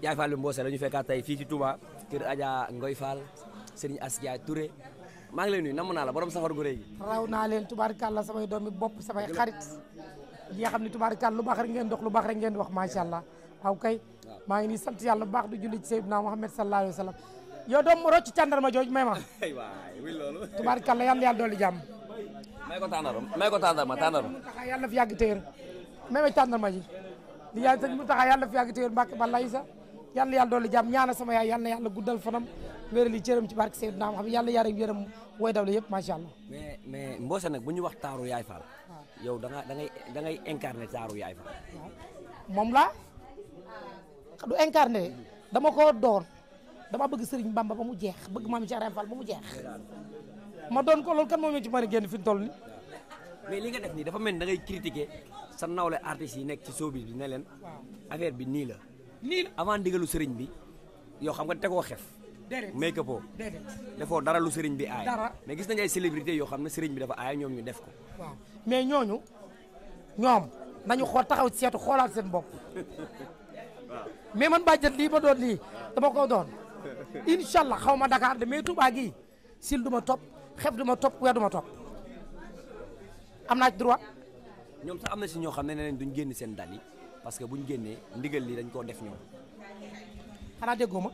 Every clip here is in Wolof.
Yaay Fall Mbossé la ñu fekkaat tey fii ci Touba kër Adja Ngoy Fall Serigne Askia Touré maa ngi lay nuyu namm naa la borom safar gu rëy gi raw naa leen tubaarikàlla samay doomi bopp samay xarit yi nga baax rek ngeen dox lu wax macha allah waaw kay maa ngi nii sant yàlla bu baax du julli ci Seydina Muhammad sallallahu alayhi wa sallam yow doom mu rocc tàndarma jooju may ma tubaarikàlla yàlla yàlla dolli jàmm may ko tàndarma may ko tàndarma tàndarma yàlla fi yàgg téer may ma tàndarma ji di ñaan sëñ Mountakha yàlla fi yàgg téwér Mbàkke bala isa yàlla yàlla doolu jàmm ñaana sama yaay yàlla na yàlla guddal fanam wéral yi cëram ci barke Seydou naam xam yàlla yaram yaram wooy daw la yëpp macha allah mais mais Mbose nag bu ñu wax taaru yaay Fall yow da nga da ngay da yaay moom laa du incarné dama ko doon dama bëgg Serigne Bamba ba mu jeex bëgg maam Cheikh Ibra ba mu jeex ma doon ko loolu kan moom ñoo ci mën a génn fi mu toll nii mais li nga def nii dafa mel ni da ngay critiquer sa nawle artistes yi nekk ci showbiz bi ne leen affaire bi nii la nii la avant ndigalu sëriñ bi yow xam nga tegoo xef déedéet make up oo déedéet defoo dara lu sëriñ bi aay dara mais gis nañ ay célébrité yoo xam ne sëriñ bi dafa aay ñoom ñu def ko waaw mais ñooñu ñoom nañu xool taxaw ci seetu xoolaat seen bopp mais man bàjjat lii ma doon lii dama ko doon incha allah xaw ma dakaar de mais Touba sil du ma topp xef du ma topp weer du ma topp am naa ci ñoom sax am na si ñoo xam ne nee nañ duñ génn seen dal yi parce que buñ génnee ndigal li dañ koo def ñoom. xanaa déggoo ma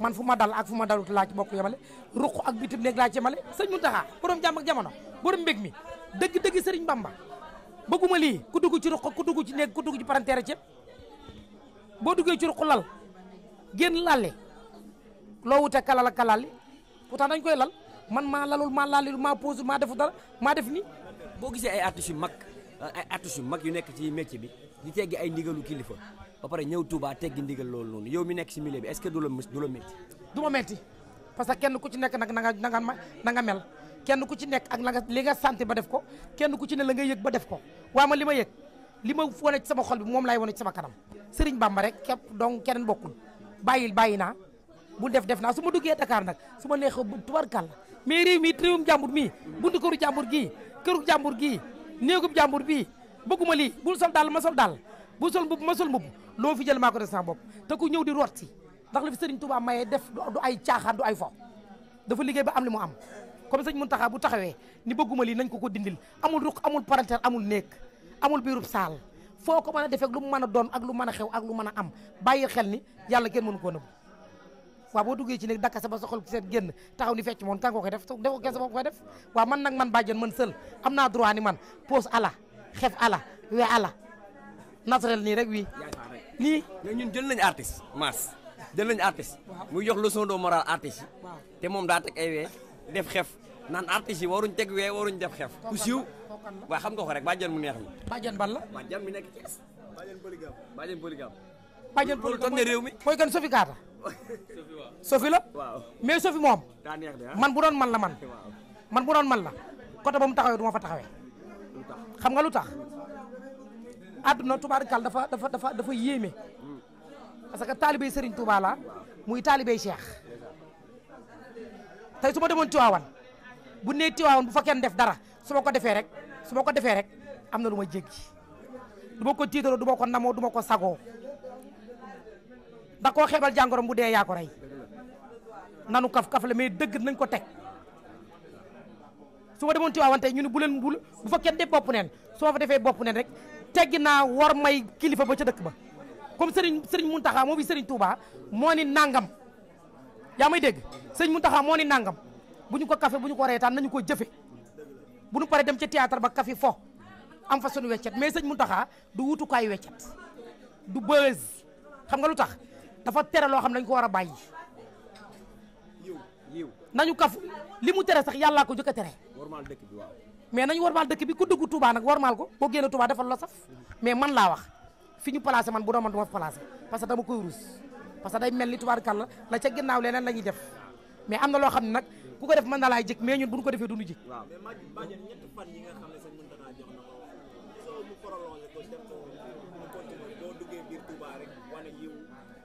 man fu ma dal ak fu ma dalut laaj ci bokk yemale ruq ak bitim néeg laa ci yemale sëñ Mountakha borom jàmm ak jamono borom mbég mi dëgg dëgg sëriñ Bamba bëgguma lii ku dugg ci ruq ku dugg ci néeg ku dugg ci parenteer ci boo duggee ci ruq lal génn lalle loo wute kalal ak kalal li dañ koy lal man maa lalul maa laalil maa pose maa defu dara maa def nii boo gisee ay artistes yu mag ay artistes yu mag yu nekk ci métier bi di teggi ay ndigalu kilifa ba pare ñëw Touba teggi ndigal loolu noonu yow mi nekk si milieu bi est que du la du la métti. du ma métti parce que kenn ku ci nekk nag na nga na nga na mel kenn ku ci nekk ak la nga li nga santé ba def ko kenn ku ci ne la nga yëg ba def ko waa ma li ma yëg li ma wane ci sama xol bi moom laay wane sama kanam Serigne Bamba rek képp don keneen bokkul bàyyil bàyyi naa bu def def naa su ma duggee Dakar nag su ma neexee tubarkàlla mais réew mi réewum jàmbur mii buntu këru gii këru jàmbur gii néegub jàmbur bii bëgguma lii bul sol daal ma sol daal bul sol mbubb ma sol mbubb loo fi jël maa ko def sama bopp te ku ñëw di root si ndax la fi Serigne Touba mayee def du ay caaxaan du ay fo dafa liggéey ba am li mu am comme sëñ Muntaxa bu taxawee ni bëgguma lii nañ ko ko dindil amul ruq amul parentel amul néeg amul biirub saal foo ko mën a defee lu mu mën a doon ak lu mën a xew ak lu mën a am bàyyi xel ni yàlla kenn mënu koo nëbb waaw boo duggee ci nekk dakka sa ba sa xol seet génn taxaw ni fecc moom kan ko koy def defoo kenn sa bopp koy def waaw man nag man bàjjen man sël am naa droit man pose ala xef ala we ala naturel nii rek wii nii mais ñun jël nañ artiste maas jël nañ artiste mu jox leçon de morale artiste yi te moom daa teg ay wee def xef naan artiste yi waruñ teg wee waruñ def xef ku siiw waaw xam nga ko rek bàjjen mu neex mi bàjjen ban la bàjjen mi nekk Thiès bàjjen polygame bàjjen pajan politique mooy réew mi mooy kan Sophie Kata Sophie la mais Sophie moom ah. man bu doon man la man man bu doon man la côté ba mu taxawee du ma fa taxawee xam nga lu tax àdduna tubaarkal dafa dafa dafa dafa yéeme parce que taalibey Serigne Touba la muy taalibey Cheikh tey su ma demoon Tiwaawan bu nee Tiwaawan bu fa kenn def dara su ko defee rek su ma ko defee rek am na lu ma jéggi du ma ko tiitaroo du ma ko namoo duma ko sagoo da koo xeebal jàngoroom bu dee yaa ko rey nanu kaf kaf la mais dëgg nañ ko teg su ma demoon Tiwaawan tey ñu ne bu leen bul bu fa kenn def bopp neen su ma fa defee bopp neen rek tegg naa war may kilifa ba ca dëkk ba comme Serigne Serigne Mountakha moo fi Serigne Touba moo ni nangam yaa may dégg Serigne Mountakha moo ni nangam bu ñu ko kafe bu ñu ko reetaan nañu ko jëfe bu ñu paree dem ca théâtre ba kafi fo am fa sunu weccet mais Serigne taxaa du wutukaayu weccet du buzz nga lu tax dafa tere loo xam ne dañ ko war a bàyyi nañu kaf li mu tere sax yàllaa ko jëkk a tere warmaal dëkk bi waaw mais nañu warmaal dëkk bi ku dugg Touba nag warmaal ko boo génn Touba defal la saf mais man laa wax fi ñu placé man bu doon man du ma placé parce que dama koy rus parce que day mel ni tubaarkàlla la ca ginnaaw leneen la ñuy def mais am na loo xam ne nag ku ko def man na laay jëkk mais ñun bu ñu ko defee du ñu jëkk waaw mais Badiane ñetti sax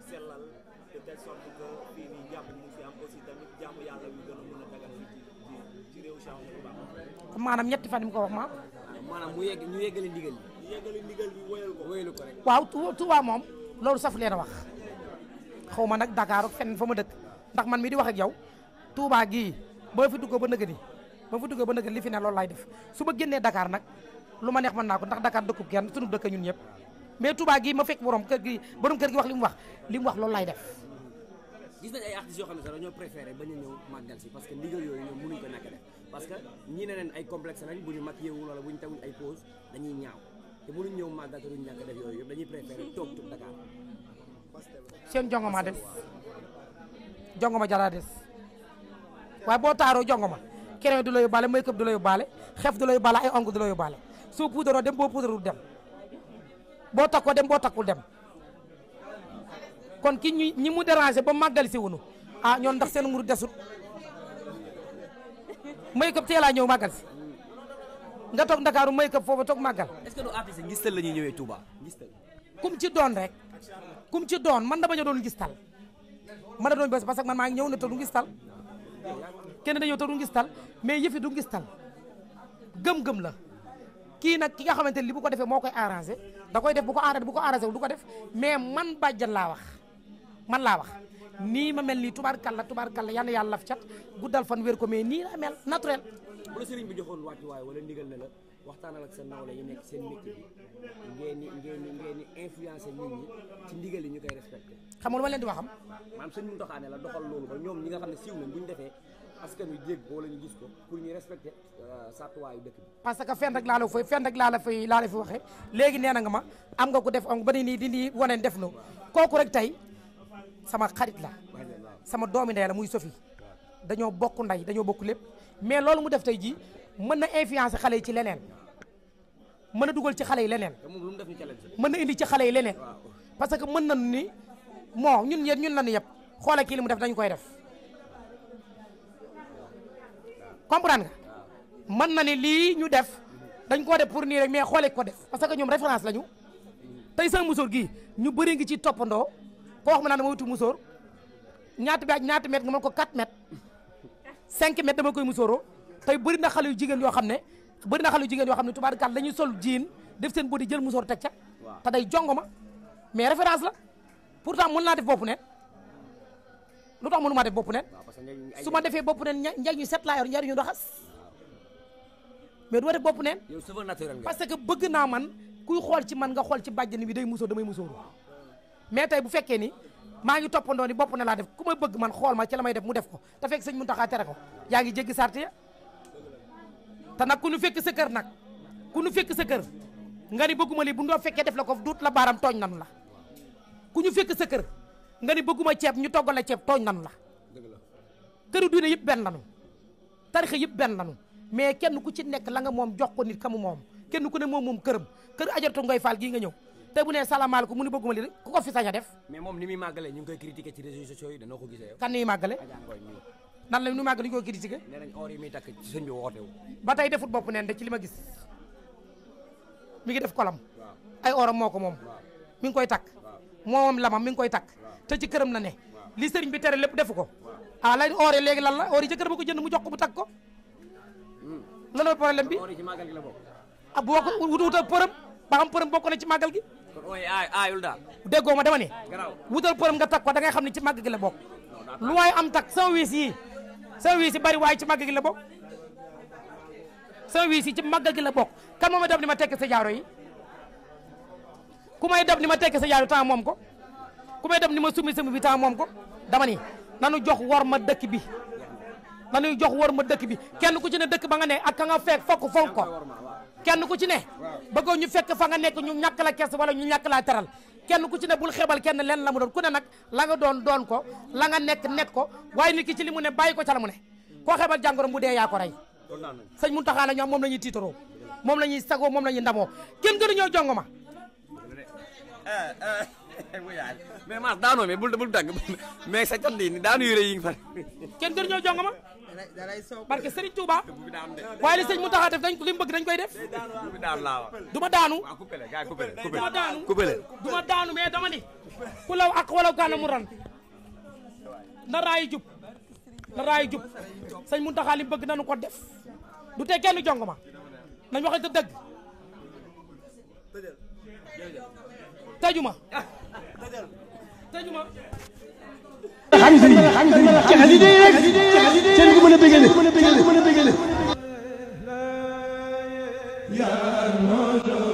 sellal de telle maanaam ñetti fan yi ko wax maam. maanaam mu yegg ñu yeggale ndigal bi. ko wéyalu ko waaw Touba moom loolu saf leen a wax xaw ma nag dakaaru ak fenn fa ma dëkk ndax man mi di wax ak yow Touba gii boo fi duggoo ba nëgë ni boo fi duggoo ba nëgë li fi ne loolu laay def su ma génnee Dakar nag lu ma neex man naa ko ndax Dakar dëkkub kenn sunu dëkk ñun ñëpp. mais Touba gii ma fekk borom kër gi borom kër gi wax li mu wax li mu wax loolu lay def. gis nañ ay artistes yoo xam ne sax dañoo préféré bañ a ñëw màggal si parce que ndigal yooyu ñoom mënuñ ko parce que ñii ne leen ay complexe lañ bu ñu mag yeewul wala bu ñu tawul ay pause dañuy ñaaw te mënuñ ñëw màggal te duñ ñàkk def yooyu yëpp dañuy préféré toog tub Dakar. seen jongoma des jongoma jaraa des waaye boo taaroo jongoma keneen du la yóbbaale make-up du la yóbbaale xef du la yóbbaale ay ong du la yóbbaale soo puudaroo dem boo puudarul dem. boo takkoo dem boo takkul dem kon ki ñu ñi mu déranger ba màggal si wunu ah ñoon ndax seen muru desut may këpp teelaa ñëw màggal si nga toog ndakaaru may këpp foofu toog màggal. est-ce que du ngistal la ñuy ñëwee Touba ngistal kum ci doon rek kum ci doon man na bañ a doon ngistal man na doon bés parce que man maa ngi ñëw ne te du ngistal kenn dañoo te du ngistal mais yëfi du ngistal gëm-gëm la kii nag ki nga xamante ne li bu ko defee moo koy arrangé. da koy def bu ko arrêté bu ko arrêté wu du ko def mais man bàjjan laa wax man laa wax nii ma mel nii tubaarkalla tubaarkalla yal na yàlla laf cat guddal fan wér ko mais nii la mel naturel. bu la sëriñ bi joxoon wàccu waay wala ndigal na la waxtaanal ak sa nawle yi nekk seen métier bi ngeen ni ngeen ni ngeen ni influencer nit ndigal yi ñu koy respecté. xam nga lu ma leen di waxam. maanaam sëñ bi doxaane la doxal loolu ba ñoom ñi nga xam ne siiw nañ bu ñu defee. askan wi dégg ko wala ñu gis pour ñu respecter euh, sàttuwaayu dëkk bi. parce que fenn rek laa la fay fenn rek laa la fay laa la fi waxee léegi nee na nga ma am nga ko def am ba nii di nii wane def na kooku rek tey sama xarit la sama doomi ndey la muy Sophie dañoo bokk nday dañoo bokk lépp mais loolu mu def tey jii mën na influencer xale yi ci leneen mën a dugal ci xale yi leneen. mën na indi ci xale yi leneen. parce que mën nañu ni moo ñun ñun la nañu yëpp xoola kii li mu def dañu koy def. comprendre nga mën na ni lii ñu def dañ koo def pour nii rek mais xoolee ko def parce que ñoom référence lañu tey seen musóor gi ñu bëri ngi ci toppandoo koo wax ma naan dama wutu musóor ñaata bi ak ñaata mètre nga mën ko 4 mètre 5 mètre dama koy musóoroo tey bëri na xale yu jigéen yoo xam ne bëri na xale yu jigéen yoo xam ne tubaarkàlla la ñuy sol jiin def seen di jël musóor teg ca te day jongoma mais référence la pourtant mën naa def foofu ne lu tax mënuma def bopp nen su ma defee bopp nen njariñ ñu set laa yor njariñ ñu doxas mais du ma def bopp nen parce que bëgg naa man kuy xool ci man nga xool ci bàjjen bi day musóor damay musóoru mais tey bu fekkee ni maa ngi toppandoo ni bopp na laa def ku ma bëgg man xool ma ci la may def mu def ko te fekk sëñ Muntaxa tere ko yaa ngi jéggi sart ya te nag ku nu fekk sa kër nag ku nu fekk sa kër nga ni bëgguma lii bu ndoo fekkee def la ko duut la baaram tooñ nanu la ku ñu fekk sa kër nga ni bëgguma ceeb ñu toggal ceeb tooñ nanu la këru diine yëpp benn lanu tarixa yëpp benn lanu mais kenn ku ci nekk la nga moom jox ko nit kamu moom kenn ku ne moom moom këram kër ajaratu ngoy faal gii nga ñëw te bu nee salaamaaleykum mu ni bëgguma lii ku ko fi sañ a def mais moom ni muy màggalee ñu koy critiquer ci réseaux sociaux yi danoo ko gisee yow kan ni muy màggalee la ñu màgg ñu koy critiquer nee nañ or yi muy takk ci ba tey defut bopp neen de ci lima ma gis mi ngi def kolam ay oram moo ko moom mi ngi koy takk moom lamam mi ngi koy takk te ci këram la ne li sëriñ bi tere lépp defu ko ah la oore léegi lan la oore ci këram ko jënd mu jox ko mu tag ko lan la bi bi ah boo ko wutal përëm ba xam përëm bokk na ci màggal gi aayul daal déggoo ma dama ne wutal përëm nga tag ko da ngay xam ne ci màgg gi la bokk lu waaye am tag sama wiis yi sama wiis bari waaye ci màgg gi la bokk sama wiis yi ci màggal gi la bokk kan moom a dab ni ma tekki sa jaaro yi ku may dab ni ma tekki sa jaaro temps moom ko ku may dem ni ma sumi sumi bi temps moom ko dama ni nanu jox war ma dëkk bi nanuy jox war ma dëkk bi kenn ku ci ne dëkk ba nga ne ak ka nga fekk fokk fonk ko kenn ku ci ne bëggoo ñu fekk fa nga nekk ñu ñàkk la kes wala ñu ñàkk laa teral kenn ku ci ne bul xebal kenn leen la mu doon ku ne nag la nga doon doon ko la nga nekk nekk ko waaye nit ki ci li mu ne bàyyi ko ca la mu ne koo xebal jàngoro bu dee yaa ko rey sëñ Muntaxa la ñoom moom la ñuy tiitaroo moom la ñuy sagoo moom la ñuy ndamoo kenn gënuñoo jongoma eh, eh. mais Mass daanoo mais bul bul tàgg mais sa cant yi daanu yore yi nga kenn gën ñoo jong ma. parce que Serigne Touba. waaye li sëñ mu tax a def dañ li mu bëgg koy def. du ma daanu. du ma daanu. du ma daanu mais dama ni. mu ran. na raay jub. na raay jub sëñ li bëgg nanu ko def. du tee kenn jong ma. nañ waxante dëgg. tëjuma. xam nga sëriñ bi